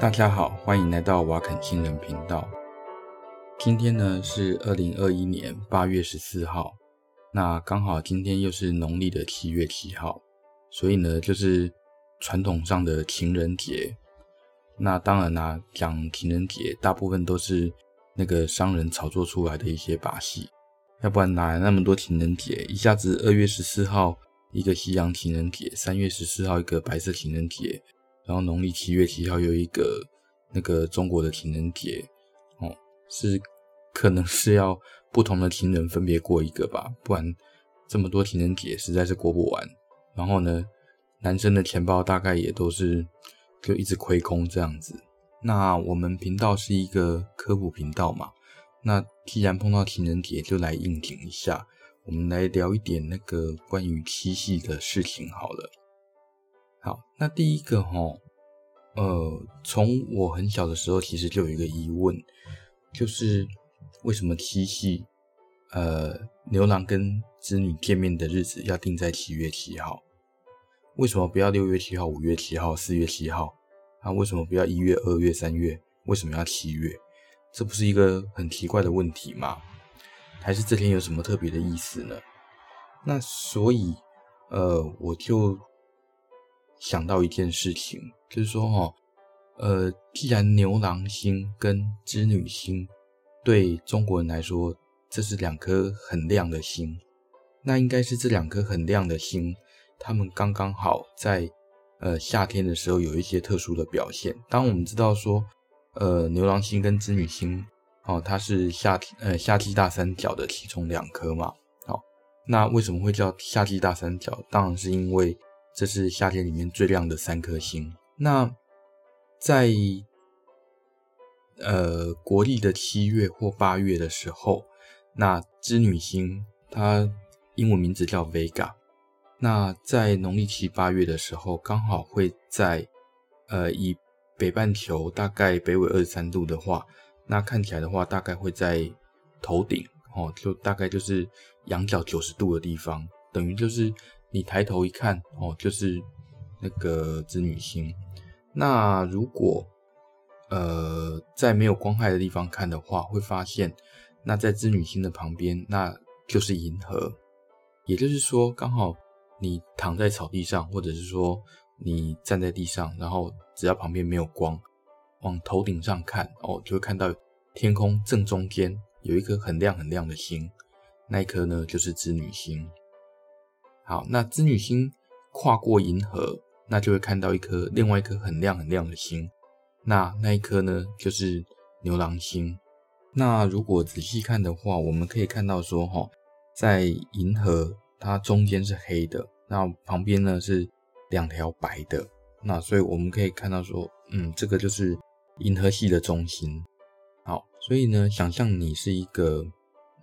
大家好，歡迎來到瓦肯情人頻道。今天呢是二零二一年八月十四號，那剛好今天又是農曆的七月七號，所以呢就是傳統上的情人節。那當然啦、啊，講情人節，大部分都是那個商人炒作出來的一些把戲，要不然哪來那麼多情人節？一下子二月十四號一個西洋情人節，三月十四號一個白色情人節。然後農曆七月七號有一個那個中國的情人節，哦，是可能是要不同的情人分別過一個吧，不然這麼多情人節實在是過不完。然後呢，男生的錢包大概也都是就一直虧空這樣子。那我們頻道是一個科普頻道嘛，那既然碰到情人節，就來應景一下，我們來聊一點那個關於七夕的事情好了。好，那第一個哈，呃，從我很小的時候，其實就有一個疑問，就是為什麼七夕，呃，牛郎跟織女見面的日子要定在七月七號？為什麼不要六月七號、五月七號、四月七號？啊，為什麼不要一月、二月、三月？為什麼要七月？這不是一個很奇怪的問題嗎？還是這天有什麼特別的意思呢？那所以，呃，我就。想到一件事情，就是說哦，呃，既然牛郎星跟織女星對中國人來說，這是兩顆很亮的星，那應該是這兩顆很亮的星，他們剛剛好在呃夏天的時候有一些特殊的表現。當然我們知道說，呃，牛郎星跟織女星，哦，它是夏天呃夏季大三角的其中兩顆嘛，好，那為什麼會叫夏季大三角？當然是因為。這是夏天裡面最亮的三顆星。那在呃國曆的七月或八月的時候，那織女星它英文名字叫 Vega。那在農曆七八月的時候，剛好會在呃以北半球大概北緯二十三度的話，那看起來的話大概會在頭頂哦，就大概就是仰角九十度的地方，等於就是。你抬頭一看，哦，就是那個織女星。那如果呃在沒有光害的地方看的話，會發現，那在織女星的旁邊，那就是銀河。也就是說，剛好你躺在草地上，或者是說你站在地上，然後只要旁邊沒有光，往頭頂上看，哦，就會看到天空正中間有一顆很亮很亮的星，那一顆呢就是織女星。好，那織女星跨過銀河，那就會看到一顆另外一顆很亮很亮的星。那那一顆呢，就是牛郎星。那如果仔細看的話，我們可以看到說，哈，在銀河它中間是黑的，那旁邊呢是兩條白的。那所以我們可以看到說，嗯，這個就是銀河系的中心。好，所以呢，想象你是一個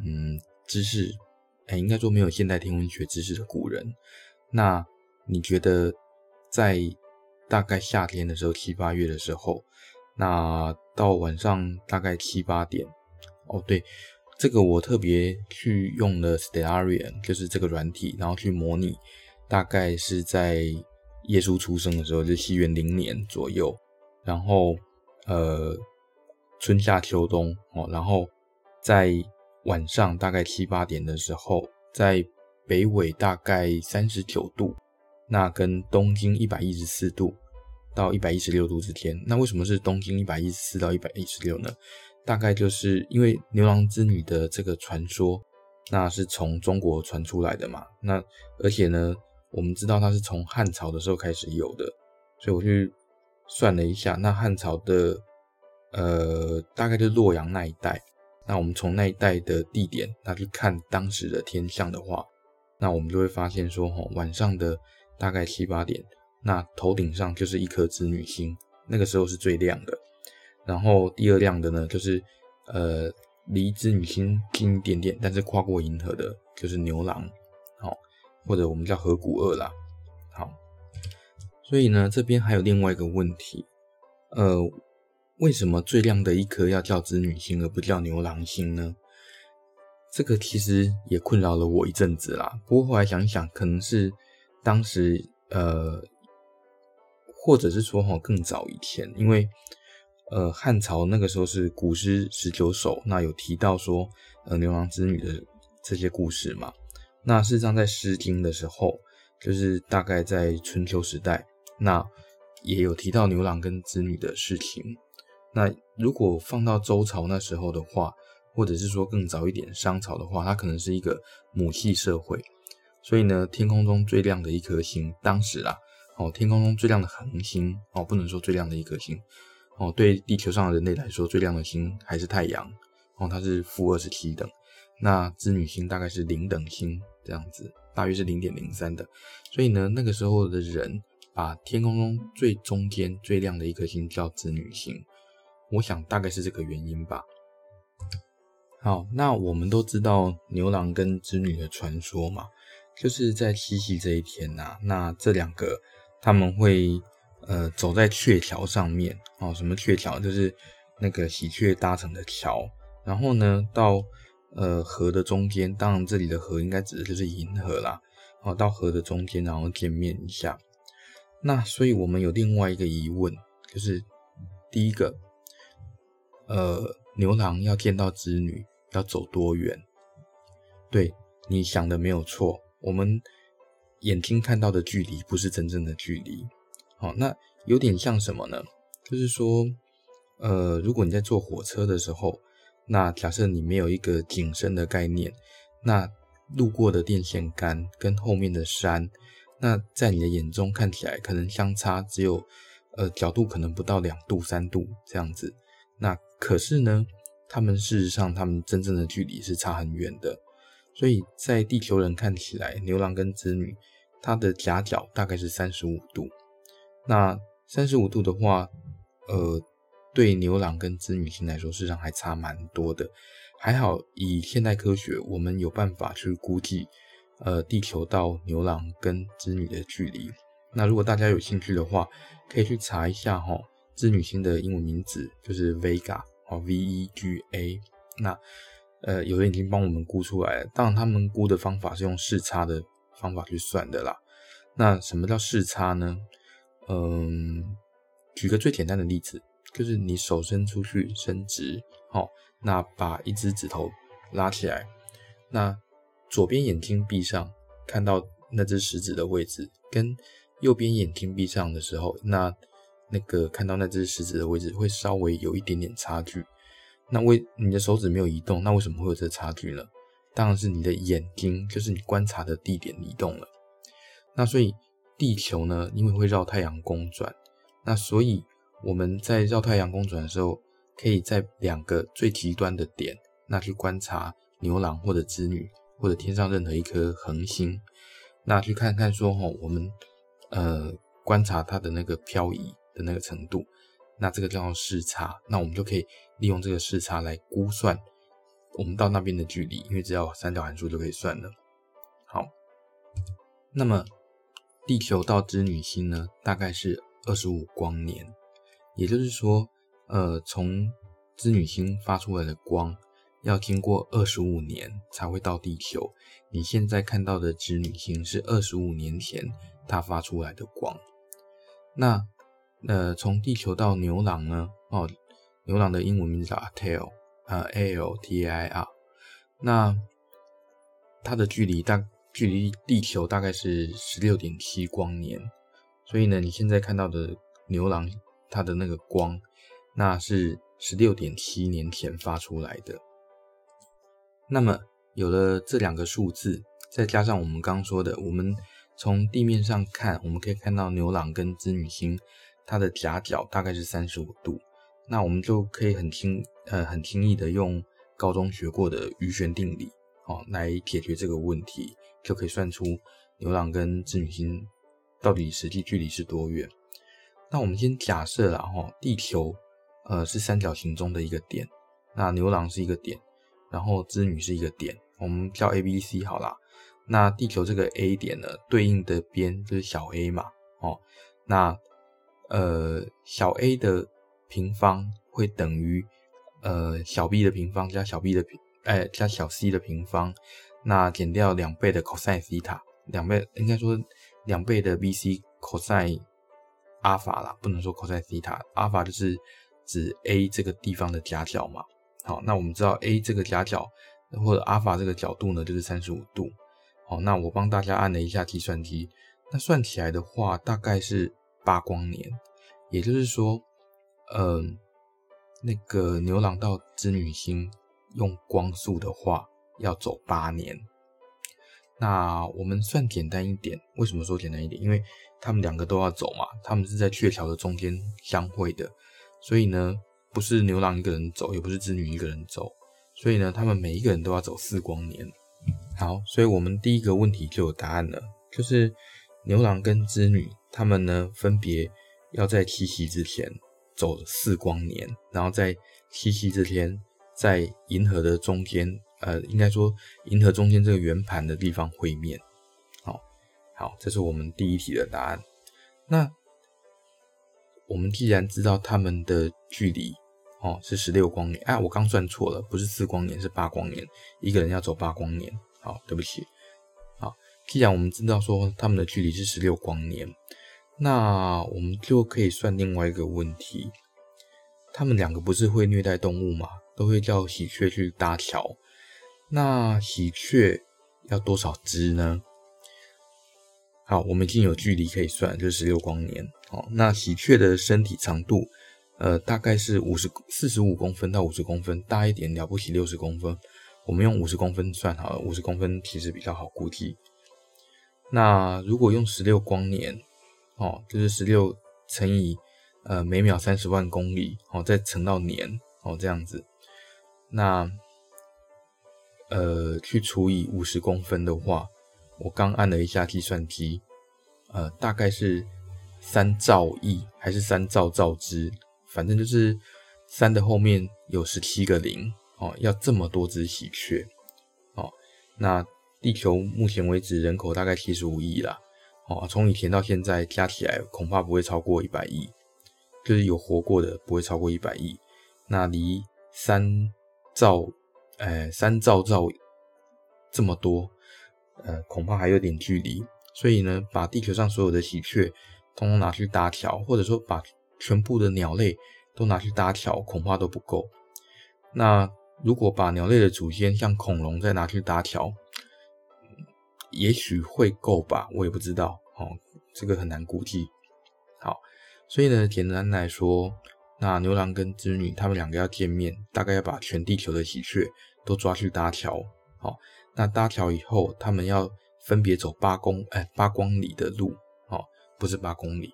嗯，知識。哎，應該說沒有現代天文學知識的古人，那你覺得在大概夏天的時候，七八月的時候，那到晚上大概七八點，哦，對，這個我特別去用了 Stellarium 就是這個軟體，然後去模擬，大概是在耶穌出生的時候，就是西元零年左右，然後呃，春夏秋冬哦，然後在。晚上大概七八點的時候，在北緯大概三十九度，那跟東經一百一十四度到一百一十六度之間。那為什麼是東經一百一十四到一百一十六呢？大概就是因為牛郎織女的這個傳說，那是從中國傳出來的嘛。那而且呢，我們知道它是從漢朝的時候開始有的，所以我去算了一下，那漢朝的呃，大概就是洛陽那一帶。那我們從那一帶的地點，那去看當時的天象的話，那我們就會發現說，哈，晚上的大概七八點，那頭頂上就是一顆織女星，那個時候是最亮的。然後第二亮的呢，就是呃，離織女星近一點點，但是跨過銀河的，就是牛郎，好、哦，或者我們叫河鼓二啦，好。所以呢，這邊還有另外一個問題，呃。為什麼最亮的一顆要叫織女星，而不叫牛郎星呢？這個其實也困擾了我一陣子啦。不過後來想想，可能是當時呃，或者是說吼更早以前，因為呃漢朝那個時候是《古詩十九首》，那有提到說呃牛郎織女的這些故事嘛。那事實上在《詩經》的時候，就是大概在春秋時代，那也有提到牛郎跟織女的事情。那如果放到周朝那時候的話，或者是說更早一點商朝的話，它可能是一個母系社會，所以呢，天空中最亮的一顆星，當時啊，哦，天空中最亮的恆星哦，不能說最亮的一顆星哦，對地球上的人類來說最亮的星還是太陽哦，它是負二十七等，那織女星大概是零等星這樣子，大約是零點零三的，所以呢，那個時候的人把天空中最中間最亮的一顆星叫織女星。我想大概是這個原因吧。好，那我們都知道牛郎跟織女的傳說嘛，就是在七夕這一天吶啊，那這兩個他們會呃走在鵲橋上面哦，什麼鵲橋？就是那個喜鵲搭成的橋，然後呢到呃河的中間，當然這裡的河應該指的就是銀河啦哦，到河的中間然後見面一下。那所以我們有另外一個疑問，就是第一個。呃，牛郎要見到織女要走多遠？對，你想的沒有錯。我們眼睛看到的距離不是真正的距離。好，那有點像什麼呢？就是說，呃，如果你在坐火車的時候，那假設你沒有一個景深的概念，那路過的電線桿跟後面的山，那在你的眼中看起來可能相差只有，呃，角度可能不到兩度三度這樣子，那。可是呢，他們事實上，他們真正的距離是差很遠的，所以在地球人看起來，牛郎跟織女，他的夾角大概是三十五度。那三十五度的話，呃，對牛郎跟織女星來說，事實上還差蠻多的。還好，以現代科學，我們有辦法去估計，呃，地球到牛郎跟織女的距離。那如果大家有興趣的話，可以去查一下齁。織女星的英文名字就是 Vega 哦 V E G A。那呃，有人已經幫我們估出來了，當然他們估的方法是用視差的方法去算的啦。那什麼叫視差呢？嗯，舉個最簡單的例子，就是你手伸出去伸直，好、哦，那把一只指頭拉起來，那左邊眼睛閉上，看到那只食指的位置，跟右邊眼睛閉上的時候，那那個看到那只食指的位置會稍微有一點點差距，那為你的手指沒有移動，那為什麼會有這個差距呢？當然是你的眼睛，就是你觀察的地點移動了。那所以地球呢，因為會繞太陽公轉，那所以我們在繞太陽公轉的時候，可以在兩個最極端的點，那去觀察牛郎或者織女或者天上任何一顆恆星，那去看看說吼，我們呃觀察它的那個漂移。的那個程度，那這個叫做視差，那我們就可以利用這個視差來估算我們到那邊的距離，因為只要有三角函數就可以算了。好，那麼地球到織女星呢，大概是二十五光年，也就是說，呃，從織女星發出來的光要經過二十五年才會到地球。你現在看到的織女星是二十五年前它發出來的光，那。呃，從地球到牛郎呢？哦，牛郎的英文名字叫、呃、Altair，那它的距離大距離地球大概是十六點七光年，所以呢，你現在看到的牛郎它的那個光，那是十六點七年前發出來的。那麼有了這兩個數字，再加上我們剛剛說的，我們從地面上看，我們可以看到牛郎跟織女星。它的夾角大概是三十五度，那我們就可以很輕呃很輕易的用高中學過的餘弦定理哦、喔、來解決這個問題，就可以算出牛郎跟織女星到底實際距離是多遠。那我們先假設啦哈、喔，地球呃是三角形中的一個點，那牛郎是一個點，然後織女是一個點，我們叫 A B C 好啦，那地球這個 A 點呢，對應的邊就是小 a 嘛哦、喔，那。呃，小 a 的平方會等於呃小 b 的平方加小 b 的平，哎加小 c 的平方，那減掉兩倍的 cosine 西塔，兩倍應該說兩倍的 bc cosine 阿爾法啦，不能說 cosine 西塔，阿爾法就是指 a 這個地方的夾角嘛。好，那我們知道 a 這個夾角或者阿爾法這個角度呢，就是三十五度。好，那我幫大家按了一下計算機，那算起來的話，大概是。八光年，也就是說，嗯、呃，那個牛郎到織女星用光速的話，要走八年。那我們算簡單一點，為什麼說簡單一點？因為他們兩個都要走嘛，他們是在鵲橋的中間相會的，所以呢，不是牛郎一個人走，也不是織女一個人走，所以呢，他們每一個人都要走四光年。好，所以我們第一個問題就有答案了，就是牛郎跟織女。他們呢，分別要在七夕之前走四光年，然後在七夕這天，在銀河的中間，呃，應該說銀河中間這個圓盤的地方會面。好，哦，好，這是我們第一題的答案。那我們既然知道他們的距離哦是十六光年，啊，我剛算錯了，不是四光年，是八光年。一個人要走八光年。好，對不起。好，既然我們知道說他們的距離是十六光年。那我們就可以算另外一個問題，他們兩個不是會虐待動物嘛？都會叫喜鵲去搭橋。那喜鵲要多少隻呢？好，我們已經有距離可以算，就是十六光年。好，那喜鵲的身體長度，呃，大概是五十四十五公分到五十公分，大一點了不起六十公分。我們用五十公分算好了，五十公分其實比較好估計。那如果用十六光年，哦，就是十六乘以呃，每秒三十萬公里哦，再乘到年，哦，這樣子，那呃，去除以五十公分的話，我剛按了一下計算機，呃，大概是三兆億還是三兆兆隻，反正就是三的後面有十七個零哦要這麼多隻喜鵲哦，那地球目前為止人口大概七十五億啦。哦，從以前到現在加起來恐怕不會超過一百億，就是有活過的不會超過一百億。那離三兆，呃，三兆兆這麼多，呃，恐怕還有點距離。所以呢，把地球上所有的喜鵲通通拿去搭橋，或者說把全部的鳥類都拿去搭橋，恐怕都不夠。那如果把鳥類的祖先像恐龍再拿去搭橋，也許會夠吧，我也不知道哦、喔，這個很難估計。好，所以呢，簡單來說，那牛郎跟織女他們兩個要見面，大概要把全地球的喜鵲都抓去搭橋。好、喔，那搭橋以後，他們要分別走八公哎、欸、八光里的路。哦、喔，不是八公里，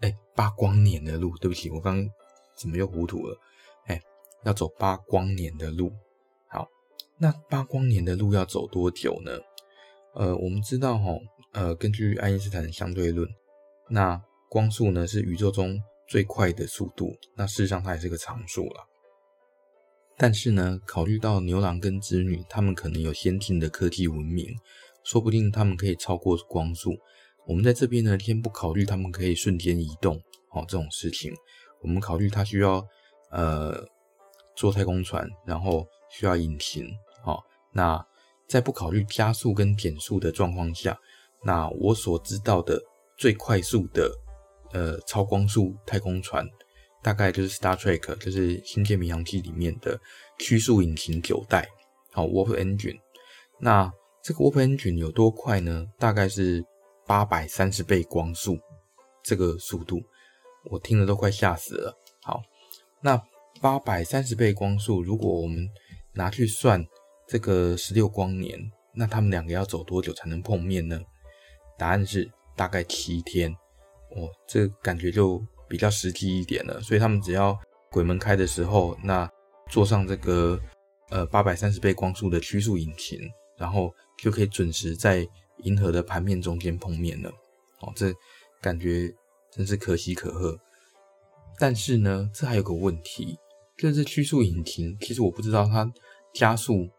哎、欸，八光年的路。對不起，我剛怎麼又糊塗了？哎、欸，要走八光年的路。好，那八光年的路要走多久呢？呃，我們知道哈、哦，呃，根據愛因斯坦的相對論，那光速呢，是宇宙中最快的速度，那事實上它也是個常數了。但是呢，考慮到牛郎跟織女他們可能有先進的科技文明，說不定他們可以超過光速。我們在這邊呢，先不考慮他們可以瞬間移動，哦，這種事情，我們考慮它需要呃坐太空船，然後需要引擎，哦，那。在不考慮加速跟減速的狀況下，那我所知道的最快速的呃超光速太空船，大概就是 Star Trek，就是《星艦迷航記》裡面的曲速引擎九代，好 Warp Engine。那這個 Warp Engine 有多快呢？大概是八百三十倍光速這個速度，我聽了都快嚇死了。好，那八百三十倍光速，如果我們拿去算。這個十六光年，那他們兩個要走多久才能碰面呢？答案是大概七天。哦，這感覺就比較實際一點了。所以他們只要鬼門開的時候，那坐上這個呃八百三十倍光速的曲速引擎，然後就可以準時在銀河的盤面中間碰面了。哦，這感覺真是可喜可賀。但是呢，這還有個問題，就是這曲速引擎其實我不知道它加速。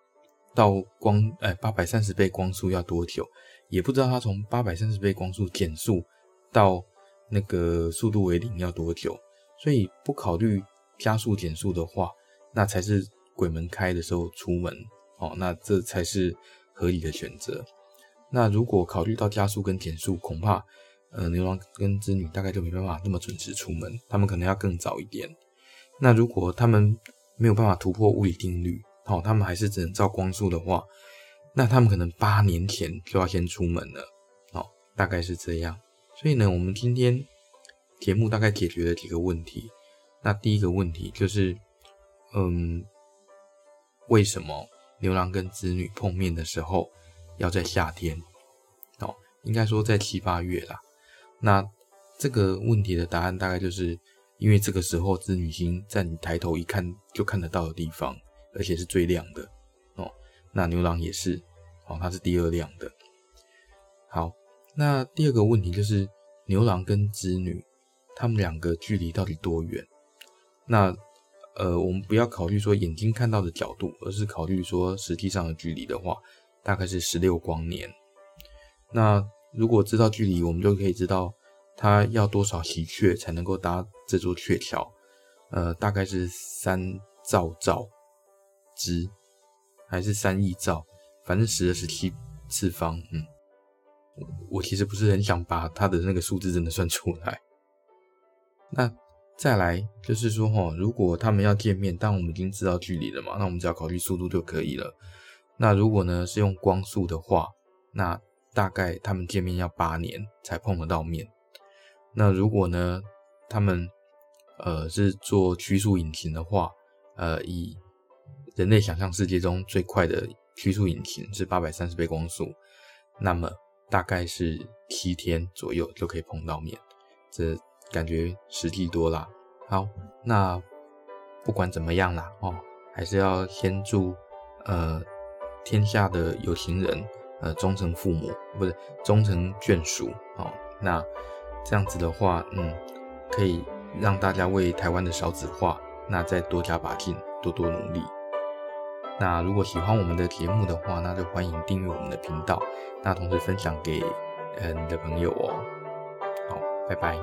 到光呃八百三十倍光速要多久？也不知道它從八百三十倍光速減速到那個速度為零要多久。所以不考慮加速減速的話，那才是鬼門開的時候出門哦。那這才是合理的選擇。那如果考慮到加速跟減速，恐怕呃牛郎跟織女大概就沒辦法那麼準時出門，他們可能要更早一點。那如果他們沒有辦法突破物理定律，哦，他們還是只能照光速的話，那他們可能八年前就要先出門了。哦，大概是這樣。所以呢，我們今天節目大概解決了幾個問題。那第一個問題就是，嗯，為什麼牛郎跟織女碰面的時候要在夏天？哦，應該說在七八月啦。那這個問題的答案大概就是因為這個時候織女星在你抬頭一看就看得到的地方。而且是最亮的哦。那牛郎也是哦，他是第二亮的。好，那第二個問題就是牛郎跟織女他們兩個距離到底多遠？那呃，我們不要考慮說眼睛看到的角度，而是考慮說實際上的距離的話，大概是十六光年。那如果知道距離，我們就可以知道他要多少喜鵲才能夠搭這座鵲橋，呃，大概是三兆兆。十還是三億兆，反正十的十七次方。嗯，我，我其實不是很想把它的那個數字真的算出來。那再來就是說哈，如果他們要見面，但我們已經知道距離了嘛，那我們只要考慮速度就可以了。那如果呢是用光速的話，那大概他們見面要八年才碰得到面。那如果呢他們呃是做曲速引擎的話，呃以。人類想象世界中最快的曲速引擎是八百三十倍光速，那麼大概是七天左右就可以碰到面，這感覺實際多啦。好，那不管怎麼樣啦，哦，還是要先祝，呃，天下的有情人，呃，終成父母，不是終成眷屬。哦。那這樣子的話，嗯，可以讓大家為台灣的少子化，那再多加把勁，多多努力。那如果喜歡我們的節目的話，那就歡迎訂閱我們的頻道，那同時分享給嗯你的朋友哦、喔。好，拜拜。